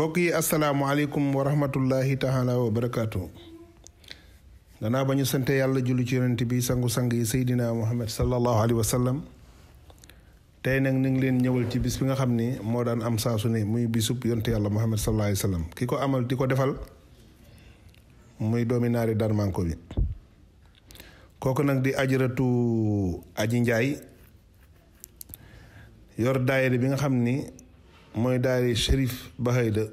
mbokk yi asalaamualeykum wa rahmatullahi taala wa barakaatu. danaa ba ñu sant yàlla julli ci yonent bi sangu-sang yi seydina muhammad sallallahu alayhi wasallam. sallam tey nag ni ngi leen ñëwal ci bis bi nga xam ni moo daan am saasu ne muy bisub yonent yàlla muhammad sallallahu alayhi wasallam. Kiko ki ko amal di ko defal muy doomi naari darmanko bi kooku nag di ajratu aji njaay yor daayira bi nga xam ni mooy daayira Chérif Bahayda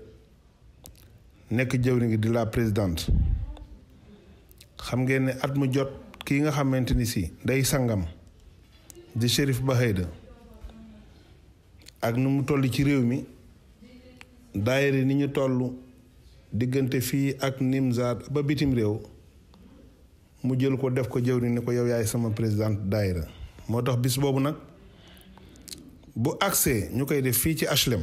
nekk jëwriñ gi di la présidente xam ngeen ni at mu jot kii nga xamante ni si day sangam di Chérif Bahayda ak nu mu toll ci réew mi daayira ni ñu toll diggante fii ak Nimzaat ba bitim réew mu jël ko def ko jëw jëwriñ ni ko yow yaay sama présidente daayira moo tax bis boobu nag bu agsee ñu koy def fii ci HLM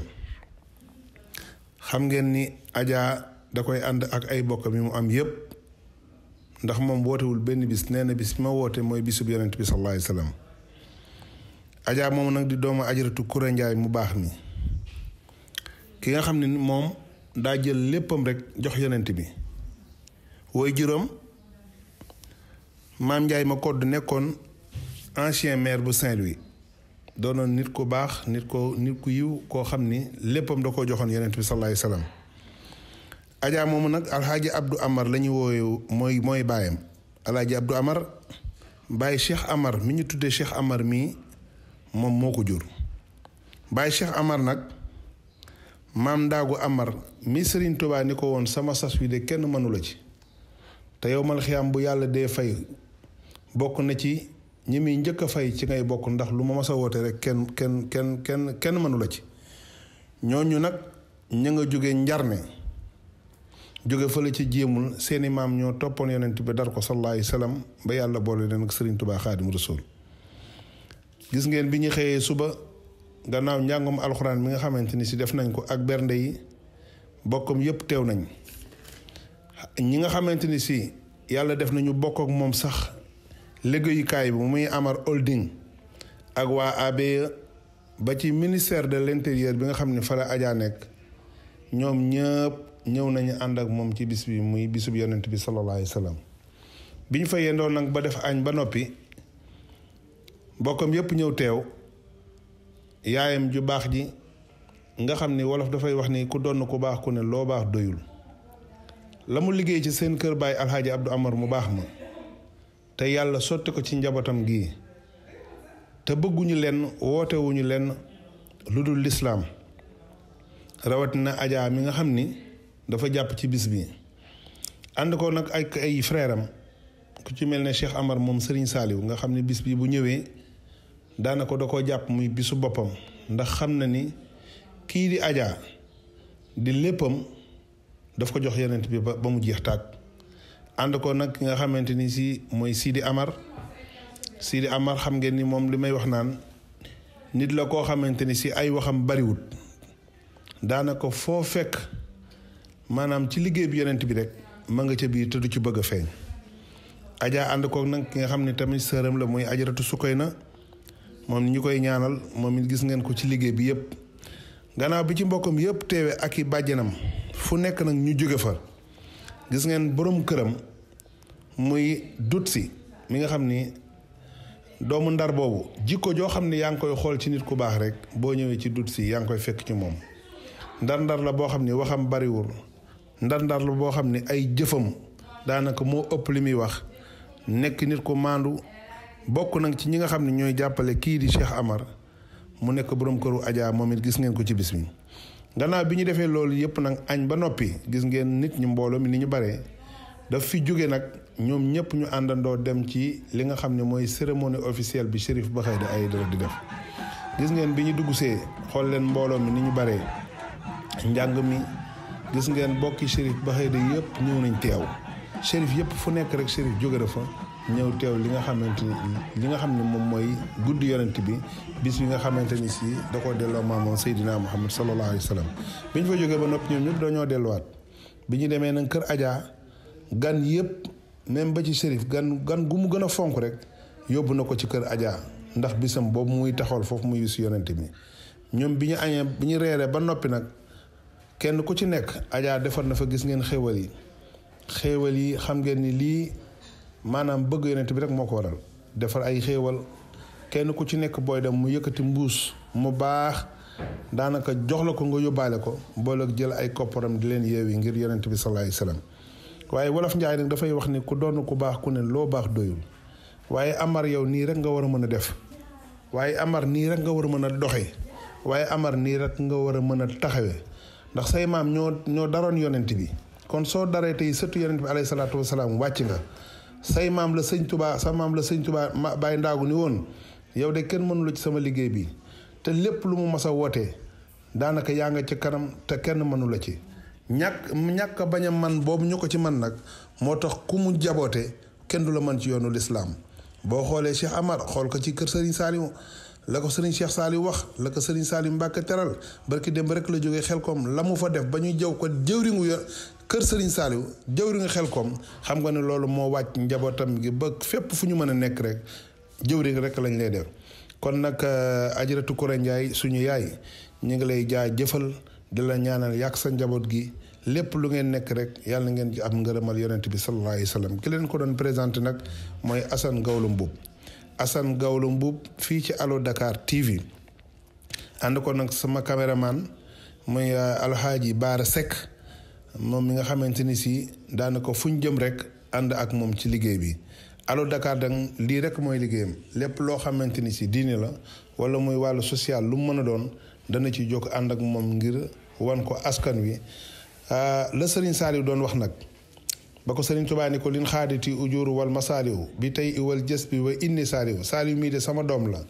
xam ngeen ni Adja da koy ànd ak ay bokkam yi mu am yépp ndax moom wootewul benn bis nee na bis ma woote mooy bisub yonent bi sallallahu alayhi wasallam Adja moom nag di doomu ajaratu Koura Ndiaye mu baax mi ki nga xam ne ni moom daa jël léppam rek jox yonent bi woy juróom maam Ndiaye ma kodd nekkoon ancien maire bu saint wi doonoon nit ku baax nit ko nit ku yiw koo xam ni léppam da koo joxoon yonent bi sallallahu alayhi wasallam ajaa moomu nag alxaaji abdu amar la ñu wooyu mooy mooy baayam alxaaji abdou amar bàyyi cheikh amar mi ñu tuddee cheikh amar mii moom moo ko jur bàyyi cheikh amar nag maam ndaagu amar mi sëriñ tubaa ko woon sama sas wi de kenn mënu ci te yow mal xiyaam bu yàlla dee fay bokk na ci ñi muy njëkk a fay ci ngay bokk ndax lu ma mas wootee rek kenn kenn kenn kenn kenn mënu la ci ñooñu nag ña nga jóge njarne jóge fële ci jéemul seeni maam ñoo toppoon yonent bi dar ko sallallahu alayhi ba yàlla boole leen ak Serigne Touba Xaadim Rasul gis ngeen bi ñu xëyee suba gannaaw njàngum alxuraan bi nga xamante ni si def nañ ko ak bernde yi bokkam yépp teew nañ ñi nga xamante ni si yàlla def nañu bokk ak moom sax liggéeyukaay bi muy Amar Holding ak waa ABE ba ci ministère de l'intérieur bi nga xam ne fa ajaa nekk ñoom ñëpp ñëw nañu ànd ak moom ci bis bi muy bisub yonent bi sallallahu alayhi wa bi ñu fa yendoon nag ba def añ ba noppi bokkam yëpp ñëw teew yaayam ju baax ji nga xam ni wolof dafay wax ni ku donn ku baax ku ne loo baax doyul la mu liggéey ci seen kër baay alxaaji Abdou Amar mu baax ma te yàlla sotti ko ci njabootam gii te bëgguñu leen wootewuñu leen lu dul lislaam rawatina ajaa mi nga xam ni dafa jàpp ci bis bi ànd ko nag ak ay frère ku ci mel ne Cheikh Amar moom Serigne Saliou nga xam ne bis bi bu ñëwee daana ko da koo jàpp muy bisu boppam ndax xam na ni kii di ajaa di léppam daf ko jox yonent bi ba mu jeex tàkk ànd ko nag ki nga xamante ni sii mooy Sidi Amar Sidi Amar xam ngeen ni moom li may wax naan nit la koo xamante ni si ay waxam bariwut daanaka foo fekk maanaam ci liggéey bi yonent bi rek ma nga ca biir te du ci bëgg a feeñ. Adja ànd koog nag ki nga xam ne tamit sëram la muy ajaratu na moom ñu koy ñaanal moom it gis ngeen ko ci liggéey bi yëpp gannaaw bi ci mbokkam yëpp teewe ak i bàjjanam fu nekk nag ñu jóge fa. gis ngeen borom këram muy dut si mi nga xam ni doomu ndar boobu jikko joo xam ni yaa ngi koy xool ci nit ku baax rek boo ñëwee ci dut si yaa ngi koy fekk ci moom ndar-ndar la boo xam ni waxam bariwul ndar-ndar la boo xam ni ay jëfam daanaka moo ëpp li muy wax nekk nit ku maandu bokk nag ci ñi nga xam ne ñooy jàppale kii di Cheikh Amar mu nekk boroom këru Adja moom it gis ngeen ko ci bis gannaaw bi ñu defee loolu yëpp nag añ ba noppi gis ngeen nit ñi mbooloo mi ni ñu bare daf fi jóge nag ñoom ñëpp ñu àndandoo dem ci li nga xam ne mooy cérémonie officielle bi Chérif ay Aïdara di def gis ngeen bi ñu duggsee xool leen mbooloo mi ni ñu bare njàng mi gis ngeen bokki Chérif Bahady yëpp ñëw nañ teew Chérif yëpp fu nekk rek Chérif jóge na fa ñëw teew li nga xamante ni li nga xam ne moom mooy guddi yonent bi bis bi nga xamante ni si da koo delloo maamam Seydina Muhammad sallallahu alayhi wa sallam bi ñu fa jógee ba noppi ñoom ñëpp dañoo delluwaat bi ñu demee nag kër Adja gan yëpp même ba ci Chérif gan gan gu gën a fonk rek yóbbu na ko ci kër Adja ndax bisam boobu muy taxawal foofu muy bis yonent bi ñoom bi ñu añee bi ñu reeree ba noppi nag kenn ku ci nekk ajaa defar na fa gis ngeen xéewal yi xéewal yi xam ngeen lii. maanaam bëgg yonent bi rek moo ko waral defar ay xéewal kenn ku ci nekk booy dem mu yëkkati mbuus mu baax daanaka jox la ko nga yóbbaale ko boole jël ay kopparam di leen yi ngir yonent bi sallallahu alayhi wasallam waaye wolof njaay nag dafay wax ni ku doon ku baax ku ne loo baax doyul waaye amar nii rek nga war a mën a def waaye amar nii rek nga war a mën a doxee waaye amar nii rek nga war a mën a taxawee ndax say maam ñoo ñoo daroon yonent bi kon soo daree tey sëtu yonent bi alayhi salaatu wasalaam wàcc nga say maam la sëñ tubaa sa maam la sëñ tubaa ma bàyyi ndaagu ni woon yow de kenn mënula ci sama liggéey bi te lépp lu mu mas a wootee daanaka yaa nga ci kanam te kenn mënula ci ñàkk ñàkk bañ a man boobu ñu ko ci man nag moo tax ku mu jaboote kenn du la mën ci yoonu lislaam boo xoolee Cheikh Amar xool ko ci kër Serigne Saliou la ko Serigne Cheikh Saliou wax la ko Serigne Saliou mbàkk teral barki démb rek la jógee xel koom la mu fa def ba ñu jëw ko jëwriñu kër Serigne Saliou xel koom xam nga ne loolu moo wàcc njabootam gi ba fépp fu ñu mën a nekk rek jëwriñ rek lañ lay def kon nag euh, Ajaratu Koura Ndiaye suñu yaay ñu ngi lay jaa jëfal di la yàq sa njaboot gi lépp lu ngeen nekk rek yàlla ngeen ci am ngërëmal yonent bi sallallahu alayhi wa sallam ki leen ko doon présenté nag mooy Assane Gawlo Mbuub Assane Gawlo Mbuub fii ci Allo Dakar TV ànd ko nag sama caméraman muy euh, Alxaaji Baara Seck moom mi nga xamante ni si daanaka fu ñu jëm rek ànd ak moom ci liggéey bi Allo Dakar dang lii rek mooy liggéeyam lépp loo xamante ni si diine la wala muy wàllu social lu mu mën a doon dana ci jóg ànd ak moom ngir wan ko askan wi ah, la sëriñ saali doon wax nag ba ko sëriñ tubaa ni ko lin xaaditi ujuuru wal masaaliw bi tey iwal jës bi wa inni saaliw saaliw mii de sama doom la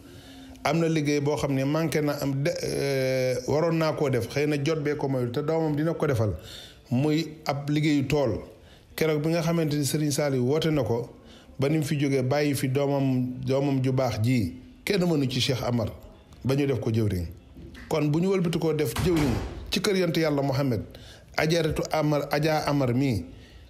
am na liggéey boo xam ne manqué na am de eh, waroon naa koo def xëy na jot bee ko mayul te doomam dina ko defal muy ab liggéeyu tool keroog bi nga xamante ni Serigne Saliou woote na ko ba ni mu fi jógee bàyyi fi doomam doomam ju baax ji kenn mënu ci Cheikh Amar ba ñu def ko jëwriñ kon bu ñu wëlbati koo def jëwriñ ci kër yonent yàlla Mouhamed ajaratu Amar Adja Amar mii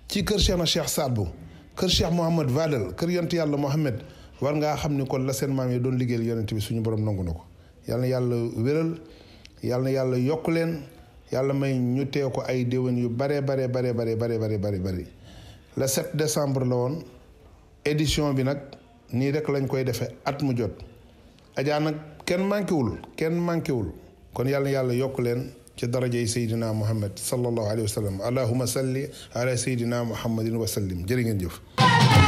ci kër Cheikh na Cheikh Sadbu kër Cheikh Mouhamed Vadel kër yonent yàlla Mouhamed war ngaa xam ni kon la seen maam yi doon liggéeyal yonent bi suñu borom nangu na ko yàlla na yàlla wéral yàlla na yàlla yokk leen. yàlla may ñu teew ko ay déwén yu bare bare bare bare bare bare bare bëri le 7 décembre la woon édition bi nag nii rek lañ koy defee at mu jot ajaa nag kenn manquéwul kenn manquéwul kon yàlla yàlla yokk leen ci darajey seydina muhammad sallallahu alayhi wa sallam allahuma salli ala seydina muhammadin wa sallim jërë ngeen jëf